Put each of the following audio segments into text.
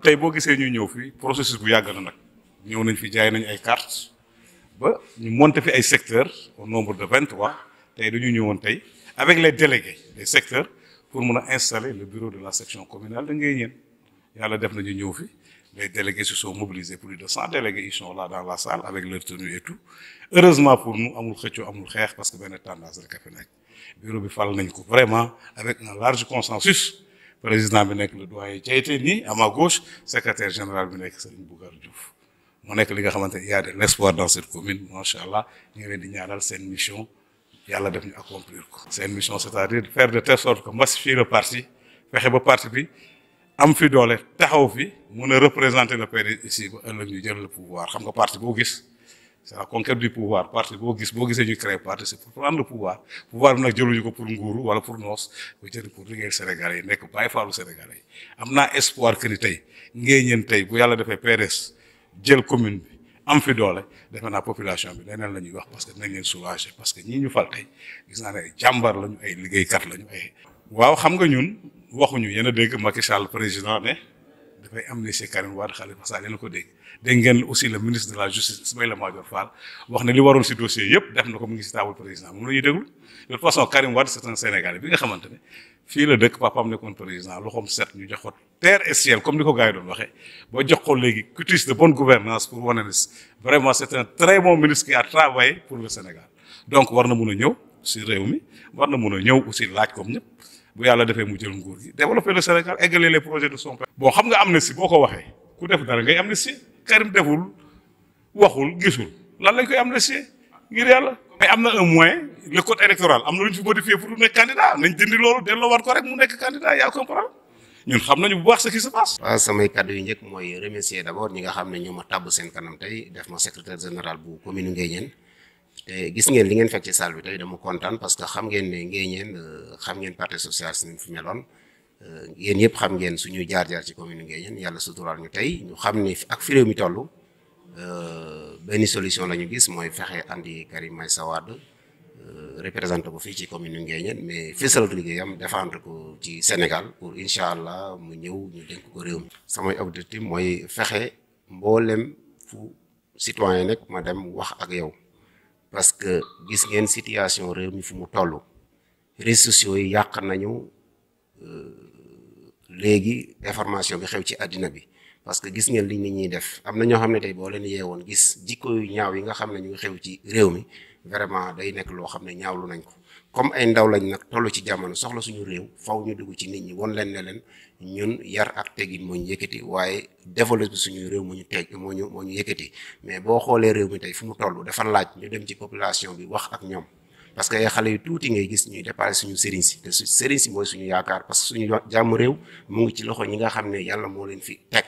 tey boo gisee ñu ñëw fi processus bu yàgg na nag ñëw nañ fi jaay nañ ay cartes ba ñu monté fi ay secteurs au nombre de 23. tey dañu ñëwoon avec les délégués des secteurs pour mun installer le bureau de la section communale de Nguéniène yàlla def nañu ñëw fi les délégués se sont mobilisés plus de 100 délégués ils sont là dans la salle avec leur tenue et tout heureusement pour nous amul xëccoo amul xeex parce que benn tendance rek a fi bureau bi fal nañ ko vraiment avec un large consensus président bi nekk le doyen Diaité nii à ma gauche secrétaire général bi nekk Serigne Bougar Diouf mo nekk li nga xamante ne y a de l'espoir dans cette commune macha allah ñu ngi leen di ñaanal seen mission yàlla def ñu accomplir ko. seen mission c'est-à-dire faire de telle sorte que massifier le parti fexe ba parti bi am fi doole taxaw fi mun a représenter le PDS ici ba ëllëg ñu jël le pouvoir xam nga parti boo gis. c'est la conquête du pouvoir parti boo gis boo gisee ñu créé parti c'est pour prendre le pouvoir pouvoir bi nag jëluñu ko pour nguuru wala pour noos bu jël pour liggéeyal Sénégalais yi nekk bàyyi faalu Sénégalais yi am naa espoir que ni tey ngeen ñeen tey bu yàlla defee PDS jël commune bi am fi doole defe naa population bi leneen la ñuy wax parce que dinañ leen soulager parce que ñii ñu fal tey gis naa ne ay jàmbaar lañu ay liggéeykat lañu ay. waaw xam nga ñun waxuñu yéen a dégg dafay amnistie Karim Wade Khalifa Sall yéen a ko dégg dégg ngeen aussi le ministre de la justice Ismaïla Madior Fall wax ne li waroon si dossier yëpp def na ko mu ngi si table président moom la ñuy déglu de toute façon Karim Wade c'est un bi nga xamante ne fii la dëkk papaam nekkoon président loxoom set ñu jox ko terre et ciel comme ni ko gars doon waxee ba jox ko léegi cutis de bonne gouvernance pour wane ne vraiment c'est très bon ministre qui a travaillé pour le Sénégal donc a ñëw si réew mi war na mun a ñëw aussi laaj comme ñëpp bu yàlla defee mu jël nguur gi développer le Sénégal égaler les projets de son père. bon xam nga amnistie boo ko waxee ku def dara ngay amnistie Karim deful waxul gisul lan lañ koy am amnistie ngir yàlla. mais am na un moyen le code électoral am na lu ñu fi modifié pour nekk candidat nañ dindi loolu delloowaat ko rek mu nekk candidat yaa comprendre ñun xam nañu bu baax ce qui se passe. waaw samay kaddu yu njëkk mooy remercier d' abord ñi nga xam ne ñoo ma tàbb seen def ma secrétaire général bu commune Nguéniène gis ngeen li ngeen fekk ci salle bi tey dama kontaan parce que xam ngeen ne ngéeñeen euh, xam ngeen parti social suñu fi meloon ngeen euh, yëpp xam ngeen suñuy jaar-jaar ci commune ngéeñeen yàlla su suturaal mi tey ñu xam ne ak fi réew mi toll euh, benn solution la ñu gis mooy fexe andi Karim Meïssa Wade représenté ko fii ci commune ngeen ngéeñeen mais fësal liggéeyam défendre ko ci Sénégal pour incha allah mu ñëw ñu dénk ko réew mi samay objectif mooy fexe mboolem fu citoyen nekk ma dem wax ak yow parce que gis ngeen situation réew mi fu mu toll réseaux sociaux yi yàq nañu euh, léegi information bi xew ci àddina bi parce que gis ngeen li nit ñuy def am na ñoo xam ne tey boo leen woon gis jikko yu ñaaw yi nga xam ne ñu xew ci réew mi vraiment day nekk loo xam ne ñaawlu nañ ko comme ay ndaw lañ nag tollu ci jamono soxla suñu réew faw ñu dugg ci nit ñi won leen ne leen ñun yar ak teggin moo ñu yëkkati waaye développé suñu réew moo ñu teg moo ñu moo ñu yëkkati mais boo xoolee réew mi tey fu mu toll dafa laaj ñu dem ci population bi wax ak ñoom parce que ay xale yu tuuti ngay gis ñuy dépassé suñu sëriñ si te sëriñ si mooy suñu yaakaar parce que suñu jàmm réew mu ngi ci loxo ñi nga xam ne yàlla moo leen fi teg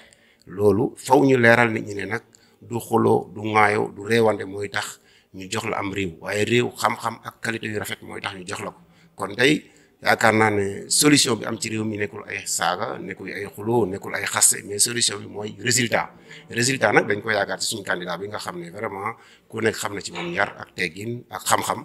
loolu faw ñu leeral nit ñi ne nag du xuloo du ŋaayoo du réewante mooy tax ñu jox la am réew waaye réew xam-xam ak qualité yu rafet mooy tax ñu jox la ko kon tey yaakaar naa ne solution bi am ci réew mi nekkul ay saaga nekkul ay xuloo nekkul ay xaste mais solution bi mooy résultat résultat nag dañ koy yaakaar ci suñu candidat bi nga xam ne vraiment ku nekk xam na ci moom yar ak teggin ak xam-xam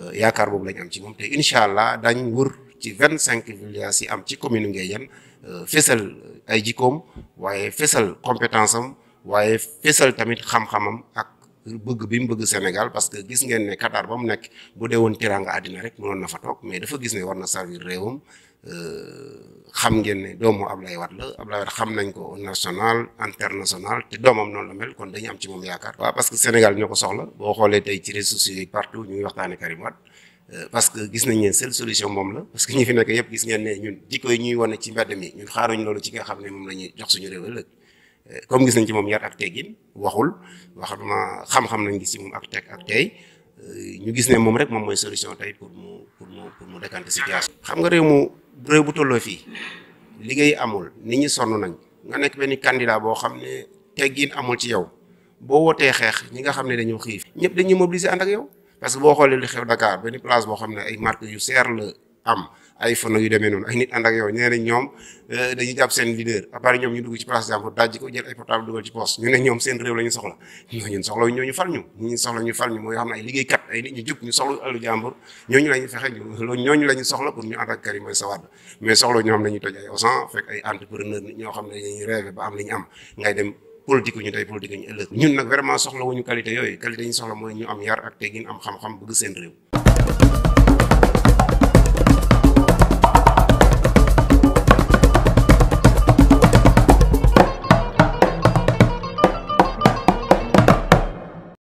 euh, yaakaar boobu lañ am ci moom te incha allah dañ wër ci vingt cinq villages yi am ci commune Nguédiène euh, fesal ay jikkoom waaye fesal compétence am waaye fesal tamit xam-xamam ak bëgg bi mu bëgg Sénégal parce que gis ngeen ne Qatar ba mu nekk bu dee woon teraanga àddina rek mënoon na fa toog mais dafa gis ne war na servir réewam euh, xam ngeen ne doomu Ablaye Wade la Ablaye Wade xam nañ ko national international te doomam noonu la mel kon dañu am ci moom yaakaar. waaw parce que Sénégal ñoo ko soxla boo xoolee tey ci réseaux sociaux yi partout ñu ngi waxtaanee Karim Wade euh, parce que gis nañ ne seule solution moom la parce que ñi fi nekk yëpp gis jox suñu réew comme gis nañ ci moom yar ak teggin waxul waxatuma xam-xam nañ gis ci moom ak teg ak tey euh, ñu gis ne moom rek moom mooy solution tey pour mu pour mu pour si décanter xam nga réew mu réew bu tolloo fii liggéey amul ni ñi sonn nañ nga nekk benn candidat boo xam ne teggin amul ci yow boo wootee xeex ñi nga xam ne dañoo xiif. ñëpp dañu mobiliser ànd ak yow parce boo xoolee li xew Dakar benn place boo xam ne ay marques yu seer la. am ay fono yu demee noonu ay nit ànd yow eh, ñu dugg ci président pour dajji ko jël ay ñu ne ñoom seen réew la ñu ñoo ñu fal ñu ñu soxla ñu fal ñu mooy xam ne ñu la ñu fexe la pour ñu ànd ak Karim Meïssa ñu toj ay osan ñoo xam ne am li ñu am ngay dem politique ñu ñu ëllëg ñun nag vraiment soxla yooyu qualité ñu soxla mooy ñu am yar ak teggin am xam-xam bëgg seen réew